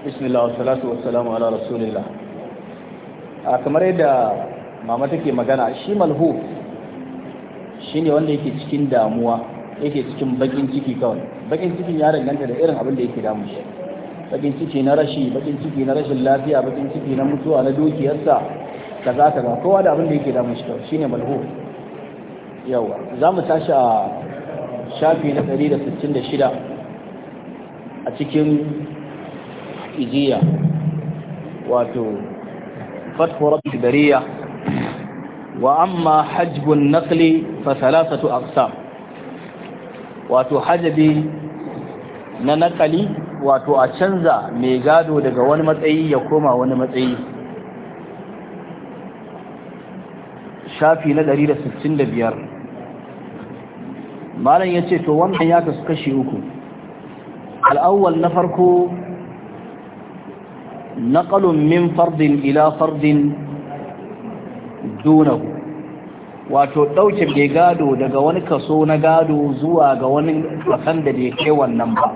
bismillah wassalatu wassalamu ala rasulillah a kamar yadda mama take magana shi malhu ne wanda yake cikin damuwa yake cikin bakin ciki kawai bakin cikin ya danganta da irin abin da yake damu shi bakin ciki na rashi bakin ciki na rashin lafiya bakin ciki na mutuwa na dukiyarsa kaza kaza kowa da abin da yake damu shi kawai shine malhu yawa za mu tashi a shafi na 166 a cikin ijiya wato fathu rabbi bariya wa amma hajbun naqli fa thalathatu aqsam wato hajabi na nakali wato a canza mai gado daga wani matsayi ya koma wani matsayi shafi na 165 malam ya ce to wannan ya kasu kashi uku al'awwal na farko نقل من فرد إلى فرد دونه wato ɗauke bai gado daga wani kaso na gado zuwa ga wani kasan da bai kai wannan ba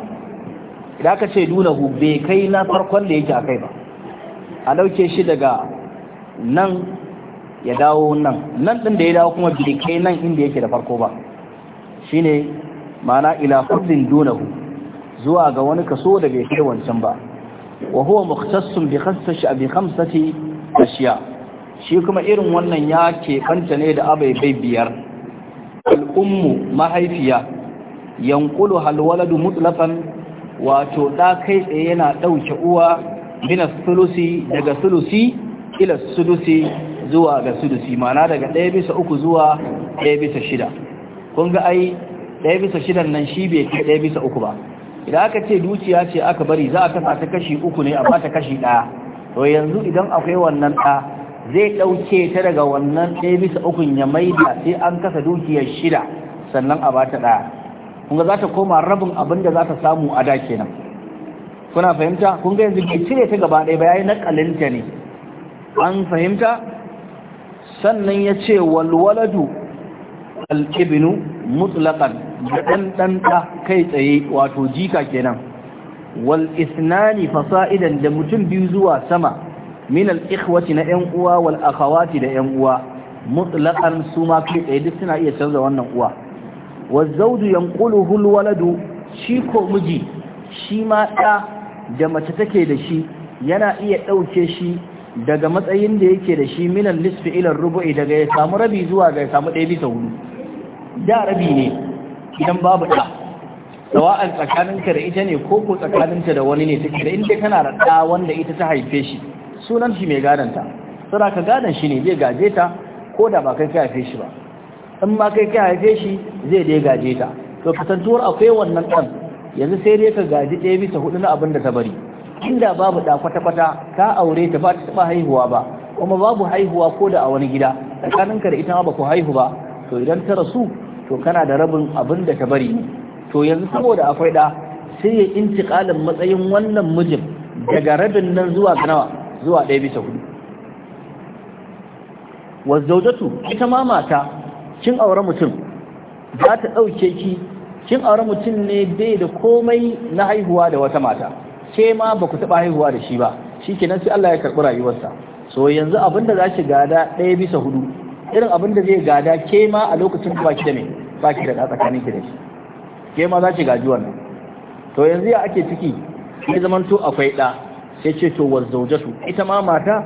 idan aka ce dunahu bai kai na farkon da yake a kai ba a ɗauke shi daga nan ya dawo nan nan ɗin da ya dawo kuma bai kai nan inda yake da farko ba shine ma'ana ila fardin dunahu zuwa ga wani kaso da bai kai wancan ba وهو مختص بخمسة بخمسة أشياء shi kuma irin wannan ya keɓanta ne da abai bai biyar al'ummu mahaifiya yankulu halwaladu mutlafan wato ɗa yana ɗauke uwa bina sulusi daga sulusi ila sulusi zuwa ga sulusi mana daga ɗaya bisa uku zuwa ɗaya bisa shida kun ga ai ɗaya bisa shidan nan shi bai kai ɗaya bisa uku ba idan aka ce dukiya ce aka bari za a kasa ta kashi uku ne amma ta kashi ɗaya to yanzu idan akwai wannan ɗa zai ɗauke ta daga wannan ɗaya bisa ukun ya maida sai an kasa dukiyar shida sannan a bata ɗaya kun za ta koma rabin abin da za ta samu a da kenan kuna fahimta kun ga yanzu bai cire ta gaba ɗaya ba yayi ƙalinta ne an fahimta sannan ya ce walwaladu al-ibnu mutlaqan da ɗan kai tsaye wato jika kenan wal isnani fasa'idan da mutum biyu zuwa sama min al ikhwati na yan uwa wal akhawati da yan uwa mutlaqan su ma kai tsaye duk suna iya canza wannan uwa wa zawju yanquluhu al waladu shi ko miji shi ma da da mace take da shi yana iya ɗauke shi daga matsayin da yake da shi min al nisfi ila rubu'i daga ya samu rabi zuwa ga ya samu ɗaya bisa hudu da rabi ne idan babu ɗa sawa'an tsakaninka da ita ne ko ko tsakaninta da wani ne take da inda kana raɗa wanda ita ta haife shi sunan shi mai gadanta sura ka gadan shi ne zai gaje ta ko da ba kai ka haife shi ba in ma kai ka haife shi zai dai gaje ta to kasantuwar akwai wannan ɗan yanzu sai dai ka gaji ɗaya bisa hudu na abin da ta bari inda babu ɗa kwata-kwata ka aure ta ba ta taɓa haihuwa ba kuma babu haihuwa ko da a wani gida tsakaninka da ita ma ba ku haihu ba to idan ta rasu to kana da rabin abin da ka bari to yanzu saboda akwai da sai ya kalin matsayin wannan mijin daga rabin nan zuwa nawa zuwa ɗaya bisa hudu wazzaujatu ita ma mata kin aure mutum za ta ɗauke ki kin aure mutum ne bai da komai na haihuwa da wata mata ke ma ba ku taɓa haihuwa da shi ba shi kenan sai Allah ya karɓi rayuwarsa so yanzu abin za ki gada ɗaya bisa hudu irin abin da zai gada ke ma a lokacin ba ki da me ba da ɗa tsakanin ki da shi ke ma za ki gaji wannan to yanzu ya ake ciki sai zaman to akwai ɗa sai ce to wa zaujatu ita ma mata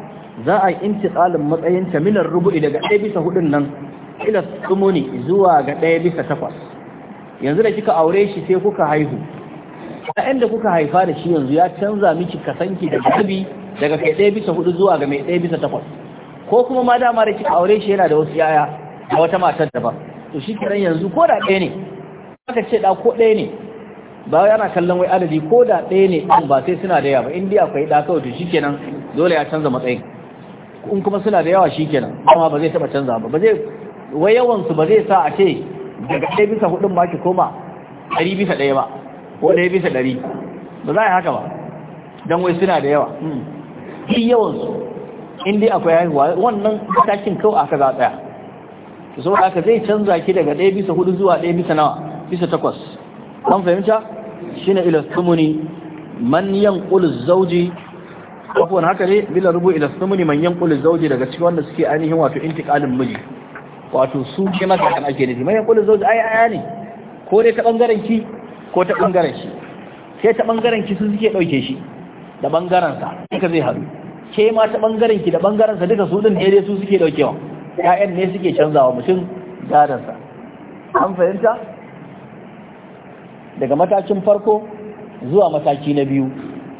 za a inci tsalin matsayin ta minar rubu'i daga ɗaya bisa hudun nan ila tsumuni zuwa ga ɗaya bisa takwas yanzu da kika aure shi sai kuka haihu ɗayan da kuka haifa da shi yanzu ya canza miki kasanki da gabi daga kai ɗaya bisa hudu zuwa ga mai ɗaya bisa takwas ko kuma ma dama da ke aure shi yana da wasu yaya a wata matar daban to shi kiran yanzu ko da ɗaya ne aka ce da ko ɗaya ne ba yana kallon wai adadi ko da ɗaya ne ɗan ba sai suna da yawa ba. Indiya akwai ɗa kawai to shikenan dole ya canza matsayin in kuma suna da yawa shikenan amma ba zai taɓa canza ba ba zai wai yawan su ba zai sa a ce daga ɗaya bisa hudun ba ki koma ɗari bisa ɗaya ba ko ɗaya bisa ɗari ba za a yi haka ba don wai suna da yawa hmm. shi yawan su inda akwai haihuwa wannan matakin kawai aka za tsaya su saboda haka zai canza ki daga ɗaya bisa hudu zuwa ɗaya bisa nawa bisa takwas kan fahimta shine ilastumuni man ƙulis zauji abuwan haka ne bila rubu ilastumuni man ƙulis zauji daga cikin wanda suke ainihin wato intikalin miji wato su ke maka kan ake nufi man yanqulu zawji ai aya ne ko dai ta ɓangaren ki ko ta ɓangaren shi sai ta ɓangaren ki su suke ɗauke shi da ɓangaren sa ka zai haɗu ke ma ta bangaren ki da bangaren sa duka su din daidai su suke daukewa ƴaƴan ne suke canzawa mutum gadon an fahimta daga matakin farko zuwa mataki na biyu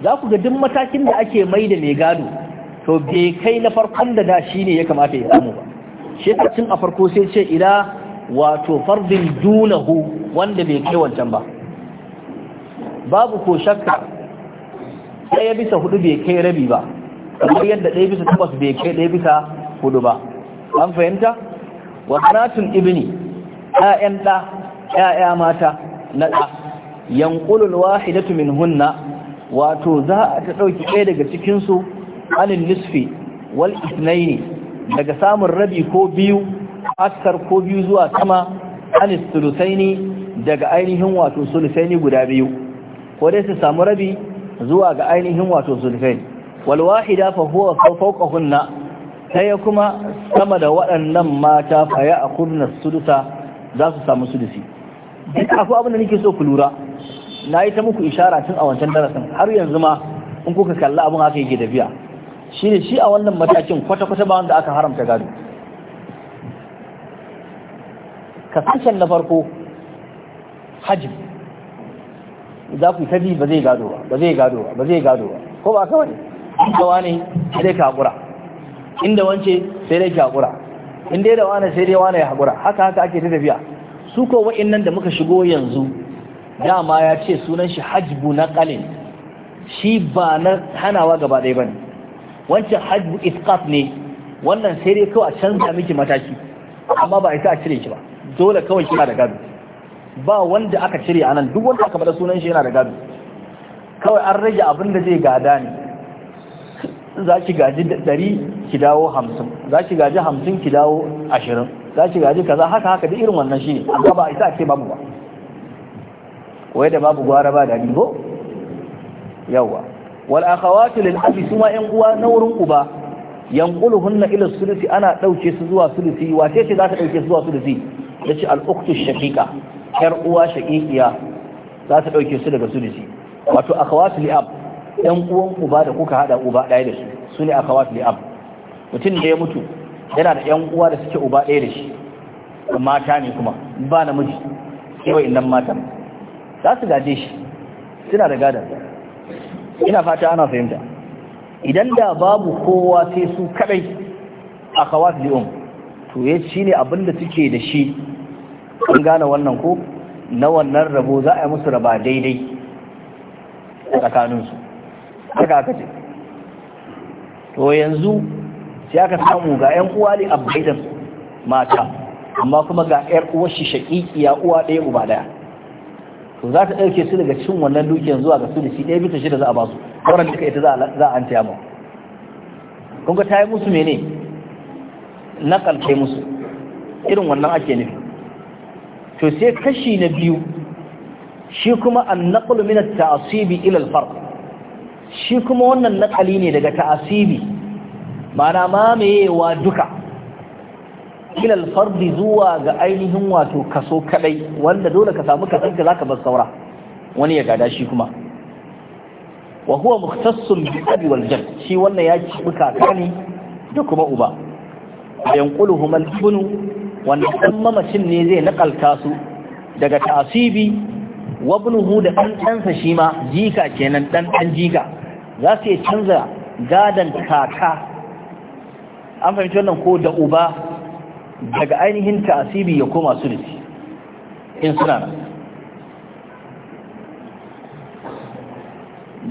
za ku ga duk matakin da ake mai da mai gado to bai kai na farkon da da shi ne ya kamata ya samu ba shi a farko sai ce ila wato fardin dunahu wanda bai kai wancan ba babu ko shakka ɗaya bisa hudu bai kai rabi ba kamar yadda ɗaya bisa takwas bai kai ɗaya bisa hudu ba an fahimta wa sanatun ibni ƴaƴan ɗa ƴaƴa mata na ɗa yanqulul wahidatu min hunna wato za a ta ɗauki ɗaya daga cikinsu anil nisfi wal ithnaini daga samun rabi ko biyu askar ko biyu zuwa sama anis sulusaini daga ainihin wato sulusaini guda biyu ko dai su samu rabi zuwa ga ainihin wato sulusaini walwahida fa huwa fawqahunna sai kuma sama da waɗannan mata fa ya akhudna sudusa za su samu sudusi duk akwai abin da nake so ku lura nayi ta muku ishara tun a wancan darasin har yanzu ma in kuka kalla abin haka yake tafiya shine shi a wannan matakin kwata-kwata ba wanda aka haramta gado kasashen na farko hajji za ku tabi ba zai gado ba ba zai gado ba ba zai gado ba ko ba kawai inda wane sai dai ka inda wance sai dai ki haƙura in da wane sai dai wane ya hakura, haka haka ake ta tafiya su ko wa'annan da muka shigo yanzu dama ya ce sunan shi hajbu na qalin shi ba na hanawa gaba ɗaya bane wancan hajbu isqat ne wannan sai dai kawai a canza miki mataki amma ba ita a cire ki ba dole kawai kina da gado ba wanda aka cire anan duk wanda aka bada sunan shi yana da gado kawai an rage abin da zai gada ne za ki gaji ɗari ki dawo hamsin za ki gaji hamsin ki dawo ashirin za ki gaji kaza haka haka da irin wannan shi ne amma ba isa ce babu ba wai da babu gwara ba da ribo yawa wal akhawatu lil abi suma yan uwa na wurin ku uba yanquluhunna ila sulusi ana dauke su zuwa sulusi wace ce za ta dauke su zuwa sulusi yace al ukhtu shaqiqa yar uwa shaqiqiya za ta dauke su daga sulusi wato akhawatu li ab ɗan uwan uba da kuka haɗa uba ɗaya da su su ne akawat li'am? mutum da ya mutu yana da ƴan uwa da suke uba ɗaya da shi mata ne kuma ba namiji kewa inan mata. za su gaje shi suna da gadar ina fata ana fahimta idan da babu kowa sai su kadai akawat li'um to ya shi ne abinda suke da shi an gane wannan ko na wannan rabo za a yi musu raba daidai tsakaninsu haka aka ce to yanzu sai aka samu ga 'yan uwa ne a mata amma kuma ga 'yar uwar shi ya uwa ɗaya uba ɗaya to za ta ɗauke su daga cin wannan dukiyar zuwa ga su da shi ɗaya bisa shida za a ba su sauran duka ita za a an taya mu kun ga ta yi musu mene na ƙarfe musu irin wannan ake nufi to sai kashi na biyu shi kuma an naƙulu min ta'asibi ila al-farq shi kuma wannan nakali ne daga ta'asibi mana mamayewa duka ilal fardi zuwa ga ainihin wato kaso kadai wanda dole ka samu ka zaka bar saura wani ya gada shi kuma wa huwa mukhtassun bi abi wal shi wannan ya ci buka ne da kuma uba yanquluhum al bunu wannan dan mamacin ne zai nakalta su daga ta'asibi wa ibnuhu da dan ɗansa shi ma jika kenan dan dan jika za su iya canza gadon kaka an fahimci wannan ko da uba daga ainihin ta'asibi ya koma sulisi in suna nan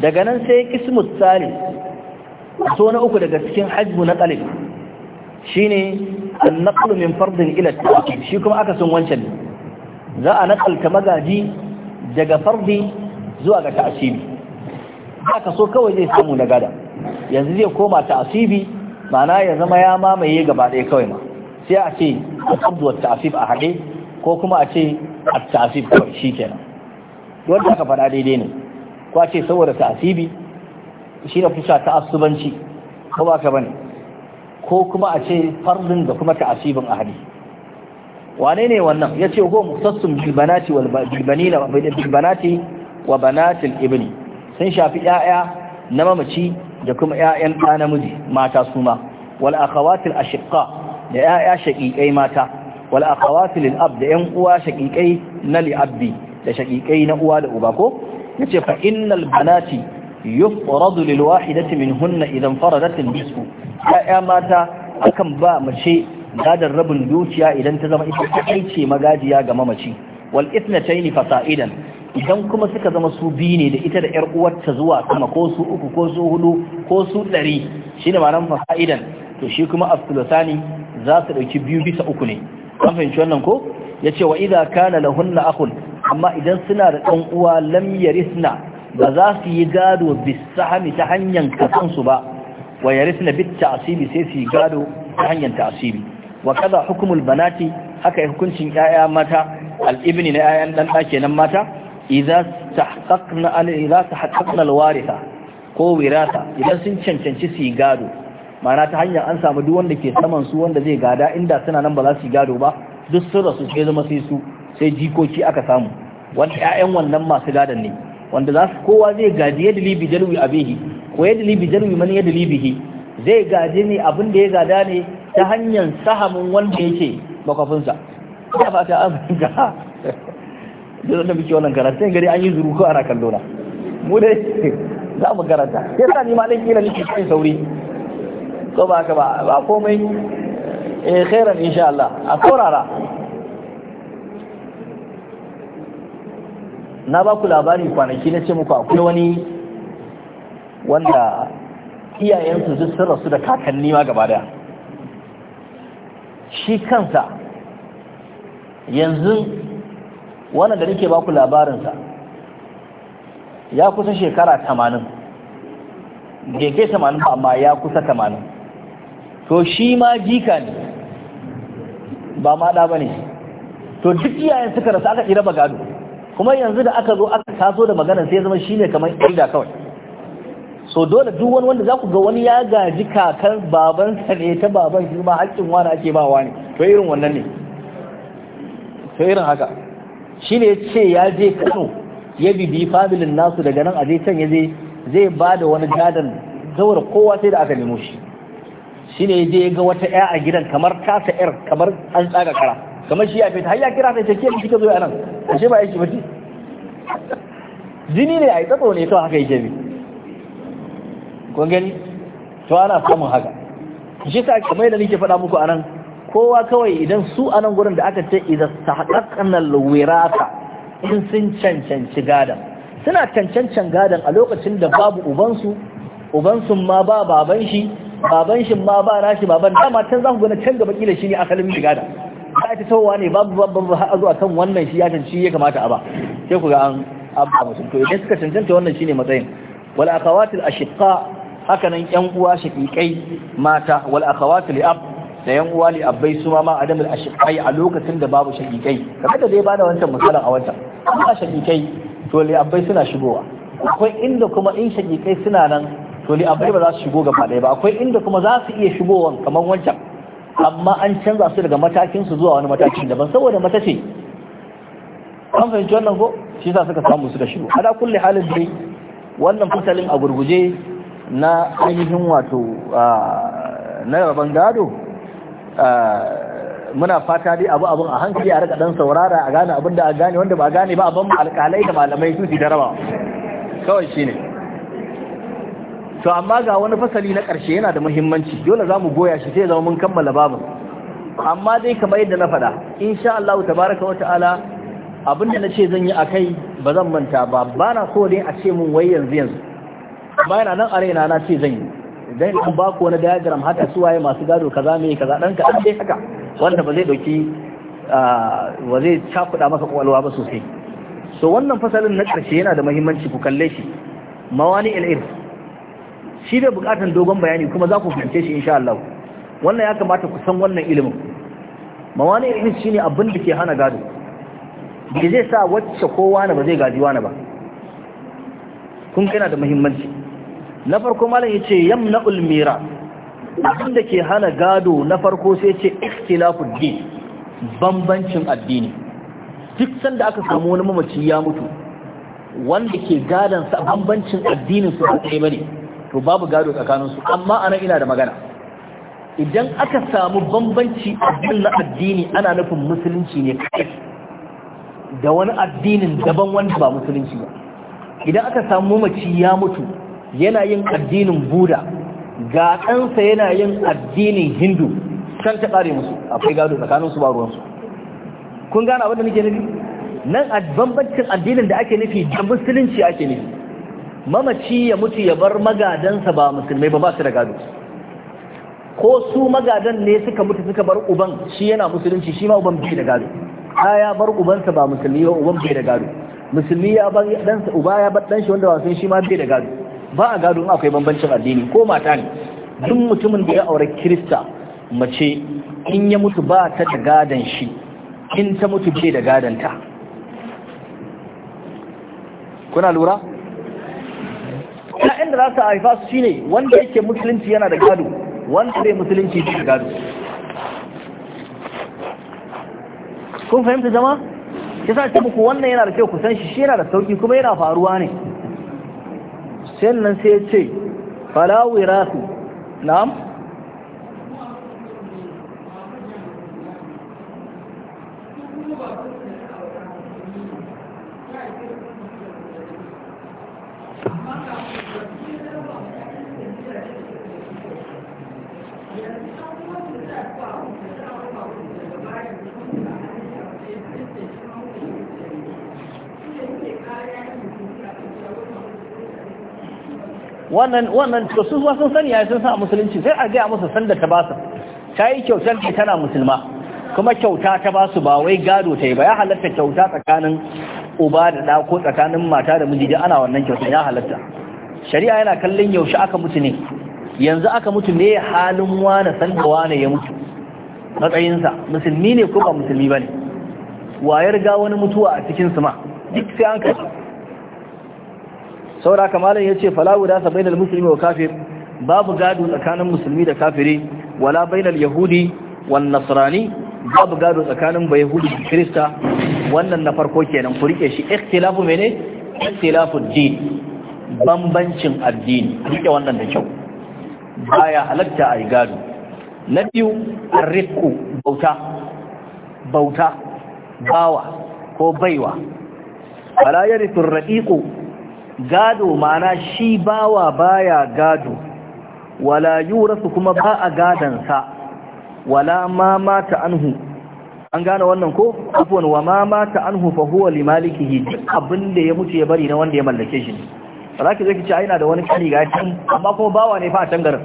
daga nan sai kismus tsari so na uku daga cikin hajju na ɗalib shi ne an naƙalu min fardin ila ta'akib shi kuma aka sun wancan za a naƙalta magaji daga fardi zuwa ga ta'asibi ba ka so kawai zai samu na gada yanzu zai koma ta asibi mana ya zama ya mamaye gaba ɗaya kawai ma sai a ce alhamdu wa ta'asif a haɗe ko kuma a ce a ta'asif kawai shi kenan wanda aka faɗa daidai ne ko a ce saboda ta'asibi shi na fusa ta'assubanci ko ba ka bane ko kuma a ce fardin da kuma ta'asibin a haɗe wane ne wannan ya ce ko muktassun bilbanati wal bilbanati wa banatil ibni sun shafi ƴaƴa na mamaci da kuma ƴaƴan ɗa namiji mata su ma wal akhawatil ashiqqa da ƴaƴa shaqiqai mata wal akhawatil lil ab da ƴan uwa shaqiqai na li abbi da shaqiqai na uwa da uba ko yace fa innal banati yufradu lil wahidati minhunna idan faradat al nisfu ƴaƴa mata akan ba mace gadar rabin dukiya idan ta zama ita ce magajiya ga mamaci wal ithnatayn fasa'idan idan kuma suka zama su biyu ne da ita da 'yar uwarta zuwa sama ko su uku ko su hudu ko su ɗari shi ne ma'anar fa'idan to shi kuma abdulasani za su ɗauki biyu bisa uku ne an fahimci wannan ko ya ce wa idan kana lahunna akun amma idan suna da ɗan uwa lamya yarisna ba za su yi gado bisahami ta hanyar kasansu ba wa yarisna bit ta'asibi sai su yi gado ta hanyar ta'asibi wa kaza hukumul banati haka hukuncin 'ya'ya mata al na 'ya'yan dan ɗa kenan mata idan ta al idza tahaqqaqna ko wirasa idan sun cancanci su gado mana ta hanyar an samu duk wanda ke saman su wanda zai gada inda suna nan ba za su yi gado ba duk sun rasu sai zama sai su sai jikoki aka samu wanda ƴaƴan wannan masu gadon ne wanda za su kowa zai gaji yadda libi jalwi abihi ko yadda libi jalwi mani yadda libihi zai gaji ne abin da ya gada ne ta hanyar sahamin wanda yake bakwafinsa ya fata an ga da zan tafi wannan karanta sai gari an yi zuru ko ana kallo na mu dai za mu karanta Ya sa ni ma dan kila nake kai sauri ko ba ka ba ba komai eh khairan insha Allah a saurara na ba ku labari kwanaki na ce muku akwai wani wanda iyayensu duk sun rasu da kakanni ma gaba daya shi kansa yanzu wannan da nake baku labarinsa ya kusa shekara tamanin gege 80 tamanin amma ya kusa tamanin to shi ma jika ne ba ma da ba ne to duk iyayen suka rasu aka kira bagado kuma yanzu da aka zo aka taso da magana sai zama shine kamar ƙirga kawai so dole duk wani wanda za ku ga wani ya gaji baban babansa ne ta baban shi ma haƙƙin wani ake ba wani to irin wannan ne to irin haka shi ne ce ya je kano ya bibi familin nasu daga nan a je can ya je zai ba da wani gadon zaura kowa sai da aka nemo shi shi ne je ga wata ya a gidan kamar tasa yar kamar an tsaga kara kamar shi ya fita har ya kira ta kiyar shi kika zo a nan shi ba aiki bace jini ne a yi wani ya kawai haka yake bi kun gani to ana samun haka shi sa kamar yadda nake faɗa muku a nan kowa kawai idan su a nan gurin da aka ce idan haƙaƙanar wirasa in sun cancanci gadon. suna cancancan gadon a lokacin da babu ubansu ubansu ma ba baban shi baban shi ma ba nashi baban dama can za ku gana can gaba kila shi ne asalin shi gadon. za ta tawowa ne babu babban ba har zuwa kan wannan shi ya canci ya kamata a ba sai ku ga an abba mutum to idan suka cancanta wannan shi ne matsayin wal akhawatil ashiqa haka nan yan uwa shaqiqai mata wal akhawatil ab da yan uwa li abbai su ma adam al ashiqai a lokacin da babu shaqiqai kamar da zai bada wancan misalan a wancan ba shaqiqai to li abbai suna shigowa akwai inda kuma in shaqiqai suna nan to li abbai ba za su shigo gaba ɗaya ba akwai inda kuma za su iya shigowan kamar wancan amma an canza su daga matakin su zuwa wani matakin daban saboda mata ce an fahimci wannan ko shi yasa suka samu suka shigo ala kulli halin dai wannan fasalin a gurguje na ainihin wato ah, na rabon gado Eh, muna fata dai abu abun a hankali a dan saurara a gane abin da a gane wanda ba a gane ba a ban alƙalai da malamai su da rawa kawai shi ne. to amma ga wani fasali na ƙarshe yana da muhimmanci dole za mu goya shi sai zama mun kammala babu amma dai kamar yadda na faɗa insha Allah tabaraka wa ta'ala abinda na ce zan yi akai ba zan manta ba ba na so dai a ce mun wai yanzu yanzu bayan nan arena na ce zan yi dan in ba ku wani diagram haka suwaye masu gado kaza me kaza dan ka dan dai haka wanda ba zai dauki ah, ba zai chafuda maka kwalwa ba sosai so wannan fasalin na karshe yana da muhimmanci ku kalle shi mawani al-irf shi da bukatun dogon bayani kuma za ku fahimce shi insha Allah wannan ya kamata ku san wannan ilimin mawani al-irf shine abin da ke hana gado da zai sa wacce kowa ne ba zai gaji wani ba kun kana da muhimmanci na farko malam ya yace yamna'ul Ulmira. Wanda ke hana gado na farko sai ce ikhtilafud din bambancin addini duk sanda aka samu wani mamaci ya mutu wanda ke gadon sa bambancin addinin su tsaye bane to babu gado tsakanin su amma ana ina da magana idan aka samu bambanci addinin na addini ana nufin musulunci ne kai da wani addinin daban wanda ba musulunci ba idan aka samu mamaci ya mutu yana yin addinin buda ga ɗansa yana yin addinin hindu can ta ƙare musu akwai gado tsakanin su ba ruwansu kun gane abin nake nufi nan a bambancin addinin da ake nufi da musulunci ake nufi mamaci ya mutu ya bar magadansa ba musulmai ba ba su da gado ko su magadan ne suka mutu suka bar uban shi yana musulunci shi ma uban bai da gado ya bar ubansa ba musulmi ba uban bai da gado musulmi ya bar ɗansa uba ya bar ɗansa wanda wasan shi ma bai da gado ba a gado in akwai bambancin addini ko mata ne duk mutumin da ya aure kirista mace in ya mutu ba ta da gadon shi in ta mutu ce da gadon ta kuna lura ƙa'in da za su haifa su shine wanda yake musulunci yana da gado wanda zai musulunci da gado kun fahimta jama'a sa ce muku wannan yana da kyau kusan shi shi yana da sauki kuma yana faruwa ne sannan sai ya ce fala wirasu na'am wannan wannan to su sun sani ya sun sa musulunci sai a ga musu sanda ta basu tayi kyautar ki tana musulma kuma kyauta ta basu ba wai gado tayi ba ya halatta kyauta tsakanin uba da da ko tsakanin mata da miji ana wannan kyauta ya halatta shari'a yana kallon yaushe aka mutu ne yanzu aka mutu ne halin wani sanda wani ya mutu matsayinsa musulmi ne ko ba musulmi bane wayar ga wani mutuwa a cikin su ma duk sai an kai. saboda ya ce yace fala wudasa bainal musulmi wa kafir babu gado tsakanin musulmi da kafiri wala bainal yahudi wan nasrani babu gado tsakanin ba yahudi da krista wannan na farko kenan ku rike shi ikhtilafu mene ikhtilafu din bambancin addini rike wannan da kyau baya halatta ai gado na biyu arriku bauta bauta bawa ko baiwa fala yarithu ar-raqiqu gado mana shi bawa baya gado wala yurasu kuma ba a gadansa wala ma mata anhu an gane wannan ko afwan wa ma mata anhu fa huwa li malikihi abin da ya mutu ya bari na wanda ya mallake shi zaki zaki ce aina da wani kani ga can amma kuma bawa ne fa a can garin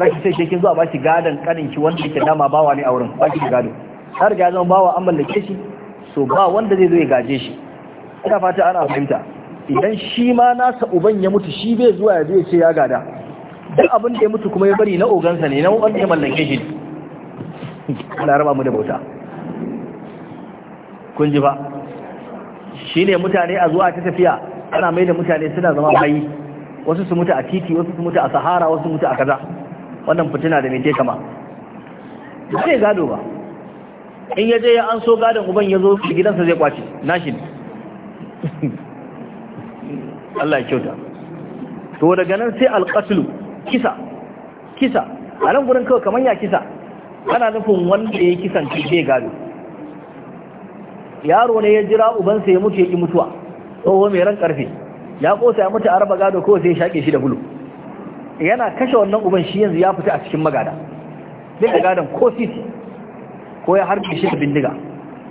zaki sai shi kin zo a baki gadan kanin ki wanda yake dama bawa ne a wurin baki gado har ga zama bawa an mallake shi so ba wanda zai zo ya gaje shi ina fata ana fahimta idan shi ma nasa uban ya mutu shi bai zuwa ya zai ce ya gada duk abin da ya mutu kuma ya bari na ogansa ne na wanda ya mallake shi ana raba mu da bauta kun ji ba shi ne mutane a zuwa ta tafiya ana mai da mutane suna zama bayi wasu su mutu a titi wasu su mutu a sahara wasu mutu a kaza wannan fitina da mai kama zai gado ba in ya je ya an so gadon uban ya zo gidansa zai kwace nashi ne Allah ya kyauta to daga nan sai alƙasulu kisa kisa a nan gurin kawai kamar ya kisa ana nufin wanda ya kisan bai gado yaro ne ya jira ubansa ya mutu ya ki mutuwa tsoho mai ran karfe ya kosa ya mutu a raba gado kawai sai ya shaƙe shi da bulu yana kashe wannan uban shi yanzu ya fita a cikin magada duk da gadon ko sisi ko ya harbe shi da bindiga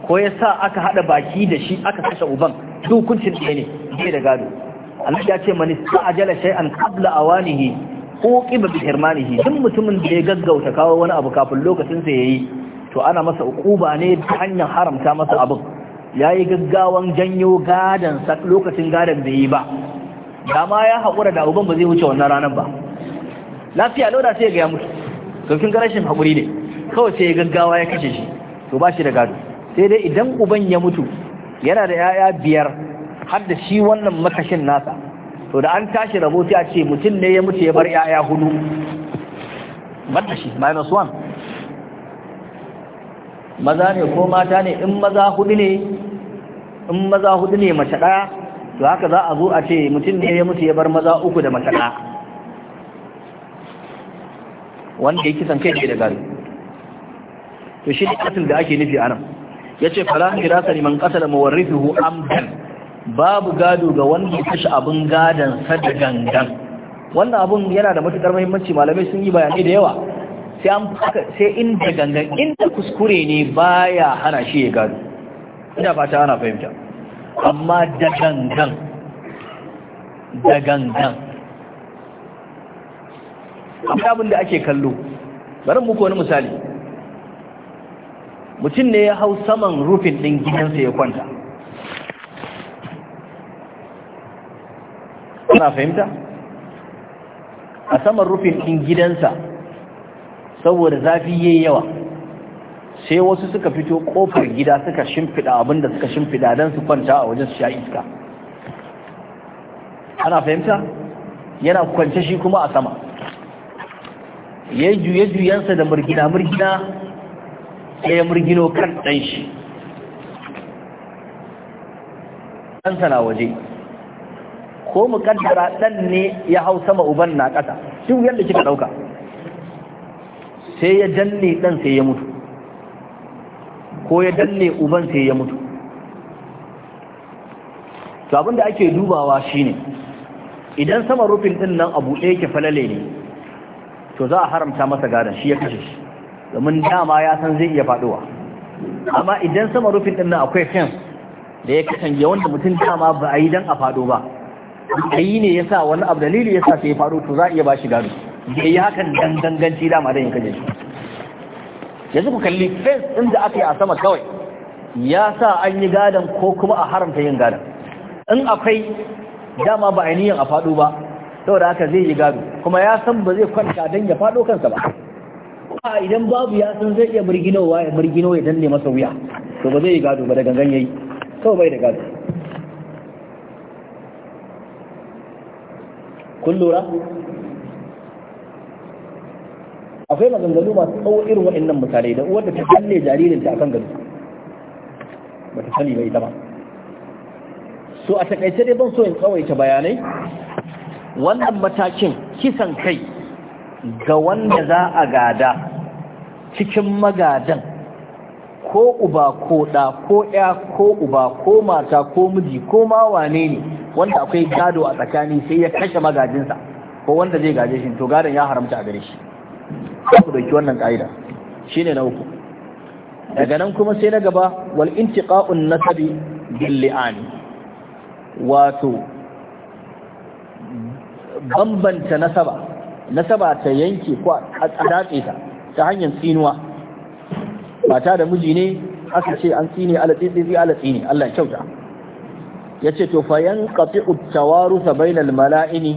ko ya sa aka haɗa baki da shi aka kashe uban duk kuncin ne da gado Allah ya ce man ista'jala shay'an qabla awanihi uqiba bi hirmanihi duk mutumin da ya gaggauta kawo wani abu kafin lokacin sa yayi to ana masa uquba ne ta hanyar haramta masa abin yayi gaggawan janyo gadan sa lokacin gadan bai yi ba dama ya haƙura da uban ba zai wuce wannan ranar ba lafiya lauda sai ga ya mutu to kin ga rashin ne kawai sai gaggawa ya kashe shi to ba da gado sai dai idan uban ya mutu yana da 'ya'ya biyar har da shi wannan makashin nasa to da an tashi rabo sai a ce mutum ne ya mutu ya bar yaya hudu bar shi minus one maza ne ko mata ne in maza hudu ne in maza hudu ne mace ɗaya to haka za a zo a ce mutum ne ya mutu ya bar maza uku da mace ɗaya wanda ya kisan kai da gari to shi ne katil da ake nufi a nan ya ce fara hirasa liman katala mawarrifihu amdan babu gado ga wanda ya kashe abin gadon sa da gangan wannan abun yana da matuƙar muhimmanci malamai sun yi bayanai da yawa sai an sai inda gangan inda kuskure ne baya hana shi ya gado ina fata ana fahimta amma da gangan da gangan amma abin da ake kallo bari muku wani misali mutum ne ya hau saman rufin ɗin gidansa ya kwanta kuna fahimta a saman rufin ɗin gidansa saboda zafi yayi yawa sai wasu suka fito kofar gida suka shimfiɗa abinda suka shimfiɗa don su kwanta a wajen su sha iska ana fahimta yana kwance shi kuma a sama ya yi juye-juyensa da murgina-murgina sai ya murgino kan ɗan shi ɗansa na waje ko mu kaddara dan ne ya hau sama uban na kasa duk yanda kika ɗauka sai ya danne dan sai ya mutu ko ya danne uban sai ya mutu to abin da ake dubawa shine idan sama rufin din nan abu ɗaya ke falale ne to za a haramta masa gadon shi ya kashe shi domin dama ya san zai iya faduwa amma idan sama rufin din nan akwai fence da ya kasance wanda mutum dama ba a yi dan a faɗo ba ayi ne yasa wani abu dalili yasa sai ya faru to za a iya bashi gado da yi hakan dan danganci dama dan kaje shi yanzu ku kalli fence ɗin da aka yi a sama kawai ya sa an yi gadon ko kuma a haramta yin gadon in akwai dama ba ainihin a faɗo ba saboda haka zai yi gado kuma ya san ba zai kwanta don ya faɗo kansa ba a idan babu ya san zai iya birginowa ya murgino ya danne masa wuya to ba zai yi gado ba da gangan yayi kawai bai da gado kun lura akwai maganganu masu tsawo irin waɗannan mutane da uwar da ta kalle jaririnta akan gari ba ta sani bai zama so a takaice dai ban so in tsawaita bayanai wannan matakin kisan kai ga wanda za a gada cikin magadan ko uba ko ɗa ko ya ko uba ko mata ko miji ko ma wane ne wanda akwai gado a tsakani sai ya kashe magajinsa ko wanda zai gaje shi to gadon ya haramta a gare shi ku dauki wannan ka'ida shine na uku daga nan kuma sai na gaba wal intiqa'un nasabi bil li'an wato bambanta nasaba nasaba ta yanke ko a datse ta ta hanyar tsinuwa mata da miji ne aka ce an tsine ala tsini ala tsine Allah ya kyauta Ya ce to fayan yanqati'u at-tawarus mala'ini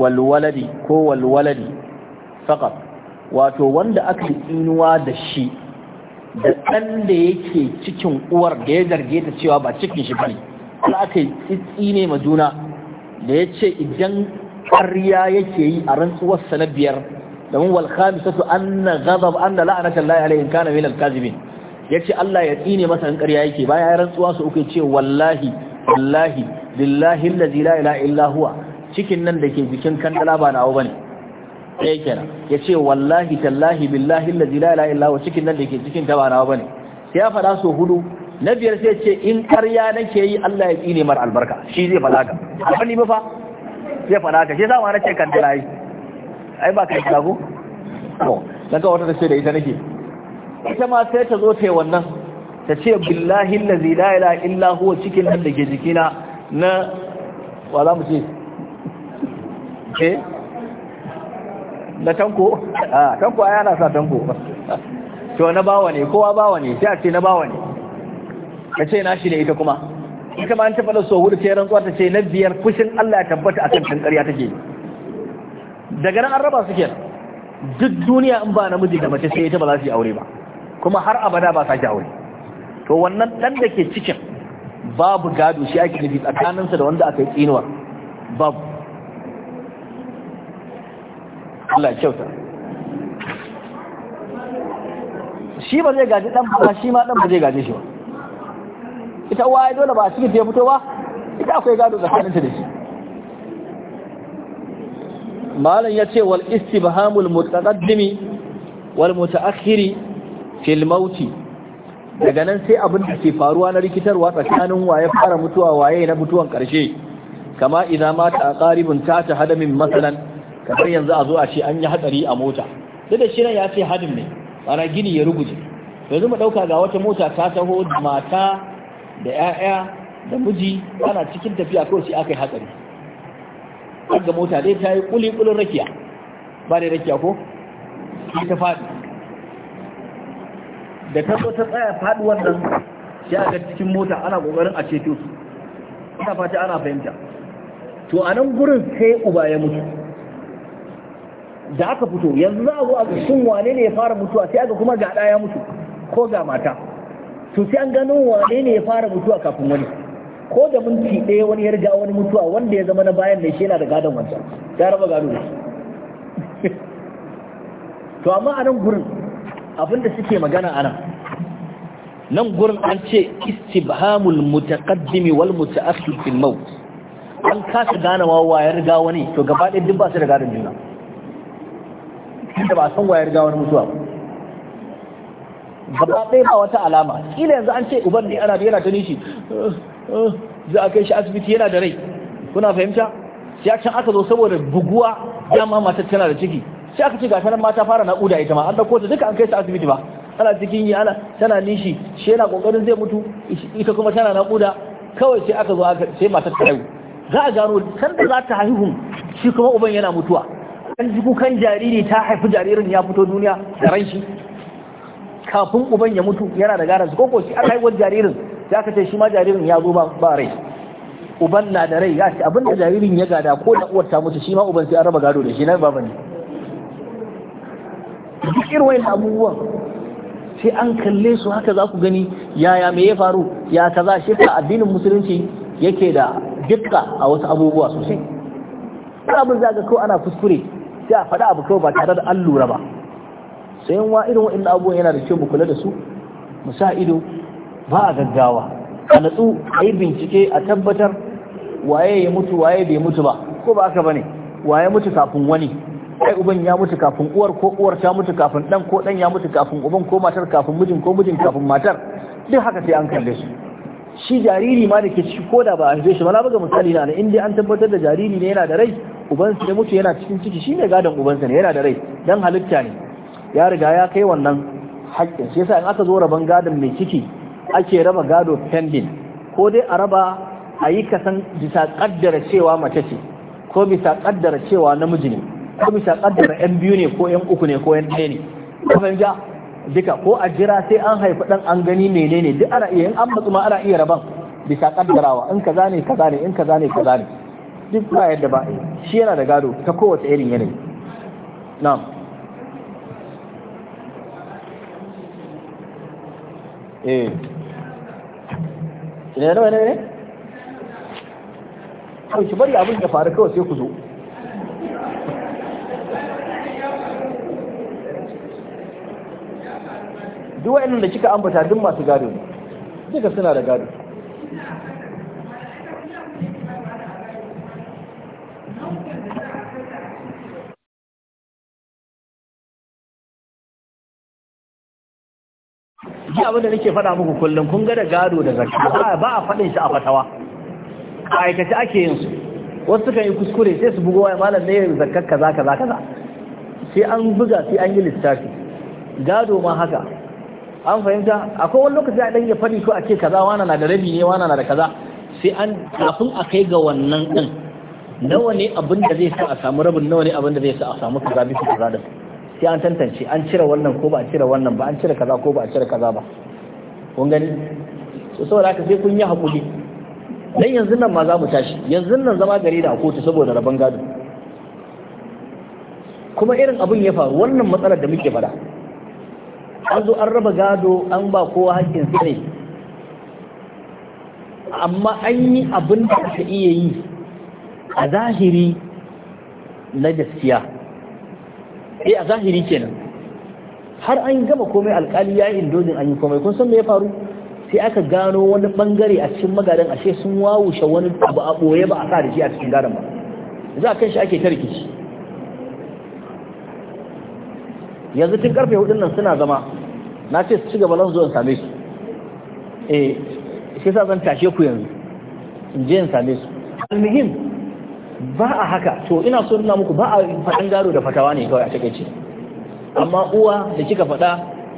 wal ko walwaladi faqat wato wanda aka tsinuwa da shi da ɗan da yake cikin uwar da ya zarge ta cewa ba cikin shi bane kuma aka tsine ma juna da yace idan ƙarya yake yi a rantsuwar na biyar domin wal khamisatu anna ghadab anna la'nata Allah alayhi kana min al-kazibin yace Allah ya tsine masa in ƙarya yake baya ya rantsuwa su uku ce wallahi wallahi lillahi allazi la ilaha illa huwa cikin nan da ke jikin kankala ba nawo bane sai kenan ya ce wallahi tallahi billahi allazi la ilaha illa huwa cikin nan da ke ta ba nawo bane sai ya fada so hudu na biyar sai ce in ƙarya nake yi Allah ya tsine mar albarka shi zai faɗa ka amma ba fa zai fada ka shi yasa ma nace kankala yi ai ba kai kago to daga wata da sai da ita nake ita ma sai ta zo ta yi wannan ta ce billahi na la illa huwa cikin nan da ke jikina na wa za mu ce ke eh? na tanko a ah, tanko a yana sa tanko to na bawa ne kowa bawa ne sai a ce na bawa ne ka ce na shi ne ita kuma ita ma an taɓa da so hudu sai rantsuwa ta ce na biyar fushin Allah ya tabbata akan tankariya take daga nan an raba su ke duk duniya in ba namiji da mace sai ita ba za su yi aure ba kuma har abada ba sa ki aure to wannan dan da ke cikin babu gado shi ake nufi tsakaninsa da wanda aka yi tsinuwa babu Allah ya kyauta shi ba zai gaji dan ba shi ma dan ba zai gaji shi ba ita uwa dole ba shi ta fito ba ita akwai gado tsakaninta da shi malam yace wal istibhamul mutaqaddimi wal mutaakhiri fil mauti daga nan sai abin da ke faruwa na rikitarwa tsakanin waye fara mutuwa waye na mutuwan karshe kama idan mata a qaribun ta ta hadamin masalan kamar yanzu a zo a ce an yi hatsari a mota duk da shi nan ya ce hadin ne ana gini ya ruguje yanzu mu dauka ga wata mota ta taho da mata da 'ya'ya da miji ana cikin tafiya kawai sai aka yi hatsari ga mota dai ta yi kulikulin rakiya ba da rakiya ko sai ta faɗi da ta zo ta tsaya faduwar nan sai a cikin mota ana kokarin a ceto su ina fata ana fahimta to a nan gurin sai uba ya mutu da aka fito yanzu za a zo a shin wane ne ya fara mutuwa sai aka kuma ga ɗaya ya mutu ko ga mata to sai an gano wane ne ya fara mutuwa kafin wani ko da minti ɗaya wani ya riga wani mutuwa wanda ya zama na bayan ne shi yana da gadon wancan ya raba gado to amma a nan gurin abinda suke magana anan nan gurin an ce istibhamul mutaqaddimi wal mutaakhir fil maut an kasa gane wa wayar ga wani to gaba ɗaya duk ba su da gadon juna da ba san wayar ga wani mutuwa gaba ɗaya ba wata alama kila yanzu an ce uban ne ana yana ta nishi eh, eh, za a kai shi asibiti yana da rai kuna fahimta ya can aka zo saboda buguwa dama matar tana da ciki sai aka ce gata nan ma ta fara naƙuda ita ma an ɗauko ta duka an kai ta asibiti ba ana cikin yi ana tana nishi shi yana ƙoƙarin zai mutu ita kuma tana naƙuda kawai sai aka zo aka sai mata ta rayu za a gano da za ta haihu shi kuma uban yana mutuwa an ji kukan jariri ta haifi jaririn ya fito duniya da ran shi kafin uban ya mutu yana da garansu ko ko shi an haihuwar jaririn za ka ce shi ma jaririn ya zo ba rai uban na da rai ya ce abinda jaririn ya gada ko da uwar ta mutu shi ma uban sai an raba gado da shi na baba duk irwayin abubuwan sai an kalle su haka za ku gani yaya mai ya faru ya kaza shi ka addinin musulunci yake da dukka a wasu abubuwa sosai ta abin za ga kawai ana kuskure sai a faɗa abu kawai ba tare da an lura ba sai wa irin wa'in abubuwan yana da kyau mu kula da su mu sa ido ba a gaggawa a natsu a yi bincike a tabbatar waye ya mutu waye bai mutu ba ko ba haka bane waye mutu kafin wani ai uban ya mutu kafin uwar ko uwar ta mutu kafin dan ko dan ya mutu kafin uban ko matar kafin mijin ko mijin kafin matar duk haka sai an kalle su shi jariri ma da ke ciki ko da ba a shi ba na buga misali na in dai an tabbatar da jariri ne yana da rai sa ya mutu yana cikin ciki shi ne gadon ubansa ne yana da rai dan halitta ne ya riga ya kai wannan haƙƙin shi yasa in aka zo raban gadon mai ciki ake raba gado pending ko dai a raba ayi kasan bisa kaddara cewa mace ce ko bisa kaddara cewa namiji ne ko bisa kaddara yan biyu ne ko yan uku ne ko yan ɗaya ne ko ja, duka ko a jira sai an haifi ɗan an gani menene duk ana iya in an matsu ma ana iya raban bisa kaddarawa in ka ne ka ne in ka ne ka ne duk ba yadda ba shi yana da gado ta kowace irin yanayi na'am eh ne ne ne ne shi bari abin ya faru kawai sai ku zo duk wa'annan da kika ambata duk masu gado ne duka suna da gado ji abin da nake faɗa muku kullum kun ga da gado da zakka ba a faɗin shi a fatawa a aikace ake yin su wasu kan yi kuskure sai su bugo waya malam ne zakkar kaza kaza kaza sai an buga sai an yi littafi. gado ma haka an fahimta akwai wani lokaci a ɗan ya fari ko a ce kaza wana na da rabi ne wana na da kaza sai an kafin a kai ga wannan ɗin nawa ne abin da zai sa a samu rabin nawa ne abin da zai sa a samu kaza bisa kaza da sai an tantance an cire wannan ko ba a cire wannan ba an cire kaza ko ba a cire kaza ba kun gani so saboda haka sai kun yi haƙuri dan yanzu nan ma za mu tashi yanzu nan zama gare da a kotu saboda rabon gado kuma irin abin ya faru wannan matsalar da muke faɗa an zo an raba gado an ba kowa hakkin sa ne amma an yi abin da aka iya yi a zahiri na gaskiya eh a zahiri kenan har an gama komai alkali ya yi indodin an yi komai kun san me ya faru sai aka gano wani bangare a cikin magadan ashe sun wawushe wani abu a boye ba a sa da shi a cikin gadon ba za a kan shi ake ta rikici yanzu tun karfe hudun nan suna zama na ce su ci gaba zan in same su eh shi sa zan tashe ku yanzu in je in same su almihim ba a haka to ina so nuna muku ba a faɗin gado da fatawa ne kawai a takaice amma uwa da kika faɗa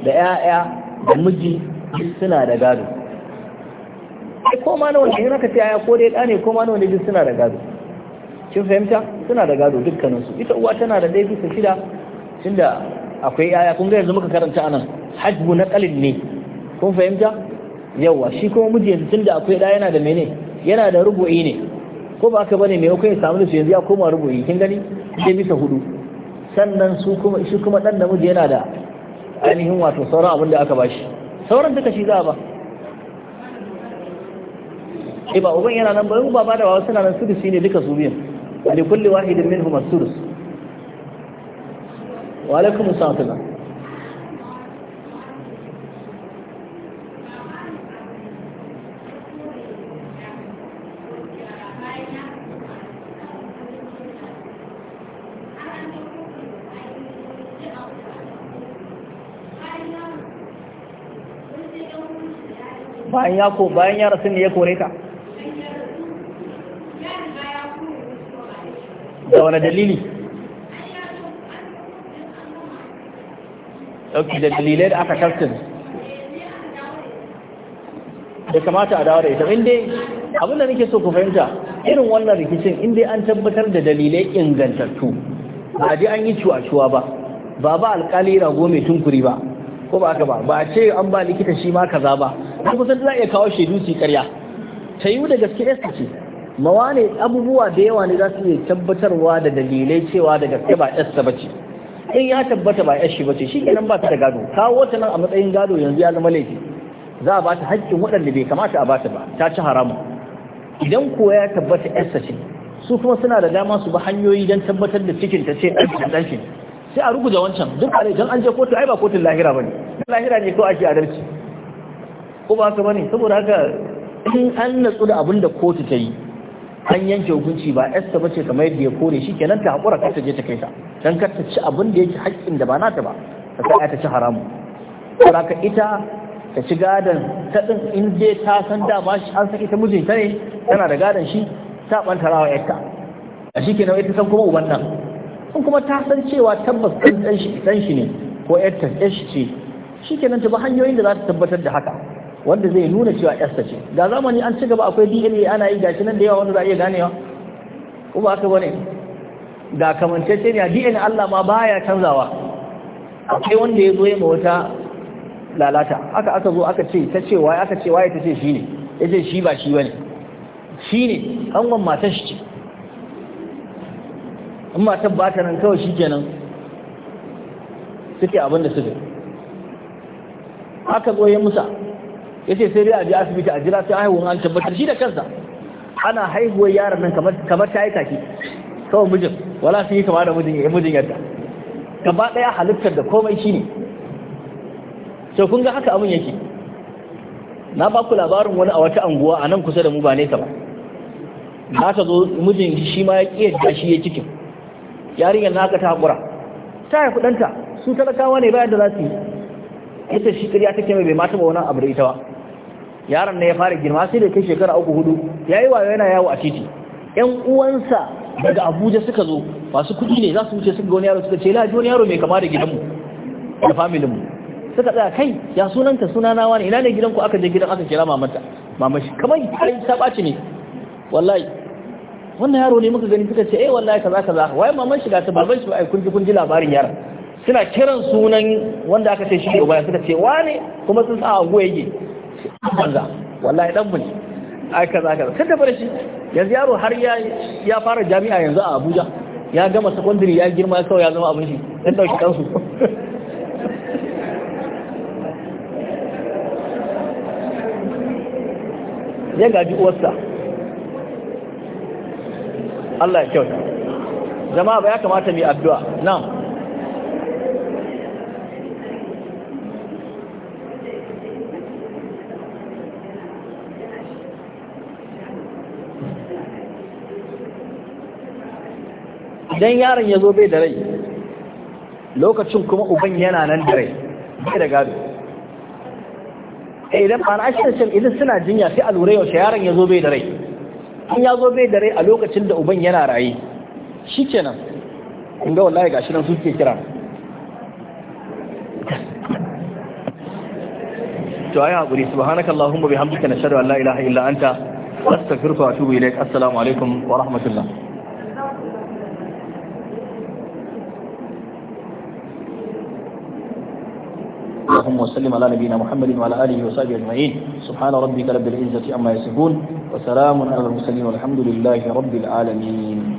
da 'ya'ya da miji suna da gado ko ma na wani yana ka ce ko dai ɗane ko ma na wani suna da gado kin fahimta suna da gado dukkaninsu ita uwa tana da laifi bisa shida tunda akwai yaya kun ga yanzu muka karanta anan hajbu na kalin ne kun fahimta yawa shi kuma miji yanzu tunda akwai da yana da mene yana da rubu'i ne ko ba ka bane me kai samu su yanzu ya koma rubu'i kin gani sai bisa hudu sannan su kuma shi kuma dan namiji yana da ainihin wato sauran abin da aka bashi sauran duka shi za ba eh ba uban yana nan ba uba ba da wasu suna nan sudusi ne duka su biyan wani kulli wahidin minhum as-sudus wa السلام bayan ya ko bayan ya rasu ne ya kore ta. da wani dalili da dalilai da aka kartin da kamata a dawo da ita inda abinda nake so ku fahimta irin wannan rikicin inda an tabbatar da dalilai ingantattu ba ji an yi cuwa-cuwa ba ba ba alkali rago mai tunkuri ba ko ba aka ba ba a ce an ba likita shi ma kaza ba har kusan za a iya kawo shaidu su karya ta yi da gaske yasta ce mawa ne abubuwa da yawa ne za su iya tabbatarwa da dalilai cewa da gaske ba yasta ba ce in ya tabbata ba yashi ba ce shi kenan ba ta gado kawo ta nan a matsayin gado yanzu ya zama laifi za a ba ta haƙƙin waɗanda bai kamata a ba ta ba ta ci haramu idan kuwa ya tabbata yarsa ce su kuma suna da dama su ba hanyoyi don tabbatar da cikin ta ce ɗan ɗan shi sai a ruguza wancan duk a don an je kotu ai ba kotun lahira ba ne lahira ne ko ake adalci ko ba ka ba saboda haka in an natsu da abin da kotu ta yi an yanke hukunci ba yarsa ba ce kamar yadda ya kore shi kenan ta haƙura kar ta je ta kai ta dan kar ta ci abin da yake haƙƙin da ba nata ba ta sai ta ci haramu saboda ita ta ci gadan ta din in dai ta san da ba shi an san ita ta ne tana da gadan shi ta banta rawa yarta a shi kenan ita san kuma uban nan in kuma ta san cewa tabbas kan dan shi dan shi ne ko yarta ta shi ce shi kenan ta ba hanyoyin da za ta tabbatar da haka wanda zai nuna cewa yarsa ce da zamani an ci gaba akwai DNA ana yi gashi nan da yawa wanda za a iya ganewa ko ba haka bane ga kamantacce ne DNA Allah ma baya canzawa akwai wanda ya zo ya ma wata lalata aka aka zo aka ce ta ce waye aka ce waye ta ce shi ne ya ce shi ba shi bane shi ne kangon matar shi ce An matar ba ta nan kawai shi kenan suke abin da suke aka zo ya musa ya ce sai dai a ji asibiti a jira sai haihuwan an tabbatar shi da kansa ana haihuwar yaran nan kamar ta yi kaki kawai mijin wala sun yi kama da mijin ya mijin yadda gaba ɗaya halittar da komai shi ne kun ga haka abin yake na ba ku labarin wani a wata anguwa a nan kusa da mu ba nesa ba na ta zo mijin shi ma ya ƙi da shi ya cikin yarinyar na ka ta ta haifu ɗanta su talakawa ne bayan da za su yi ita shi ƙarya ta kemai bai mata ba wani abu da ita ba yaron ne ya fara girma sai da kai shekara uku hudu ya yi wayo yana yawo a titi Ƴan uwansa daga abuja suka zo masu kuɗi ne za su wuce suka ga wani yaro suka ce laji wani yaro mai kama da gidanmu da familinmu suka tsaya kai ya sunanta sunana wani ina ne gidanku aka je gidan aka kira mamanta mamashi kamar kai ta ɓaci ne wallahi wannan yaro ne muka gani suka ce eh wallahi kaza kaza wai maman shiga ta baban shi ai kun ji kun ji labarin yaron suna kiran sunan wanda aka ce shi ne baya suka ce wane kuma sun sa a goye banza wallahi dan mu ne ai kaza kaza kada bar shi yanzu yaro har ya ya fara jami'a yanzu a Abuja ya gama secondary ya girma kawai ya zama abin shi dan dauki kansu ya gaji uwarsa Allah ya kyauta jama'a ba ya kamata mu yi addu'a na'am idan yaron ya zo bai da rai lokacin kuma uban yana nan da rai bai da gado eh, idan ba na shirin idan suna jinya sai a lura yaushe yaron ya zo bai da rai in ya zo bai da rai a lokacin da uban yana raye shi kenan in ga wallahi gashi nan suke kira to ayi hakuri subhanakallahumma allahumma bihamdika nashhadu an la ilaha illa anta astaghfiruka wa atubu ilaik assalamu alaikum wa rahmatullah وسلم على نبينا محمد وعلى آله وصحبه أجمعين سبحان ربك رب العزة عما يصفون وسلام على المرسلين والحمد لله رب العالمين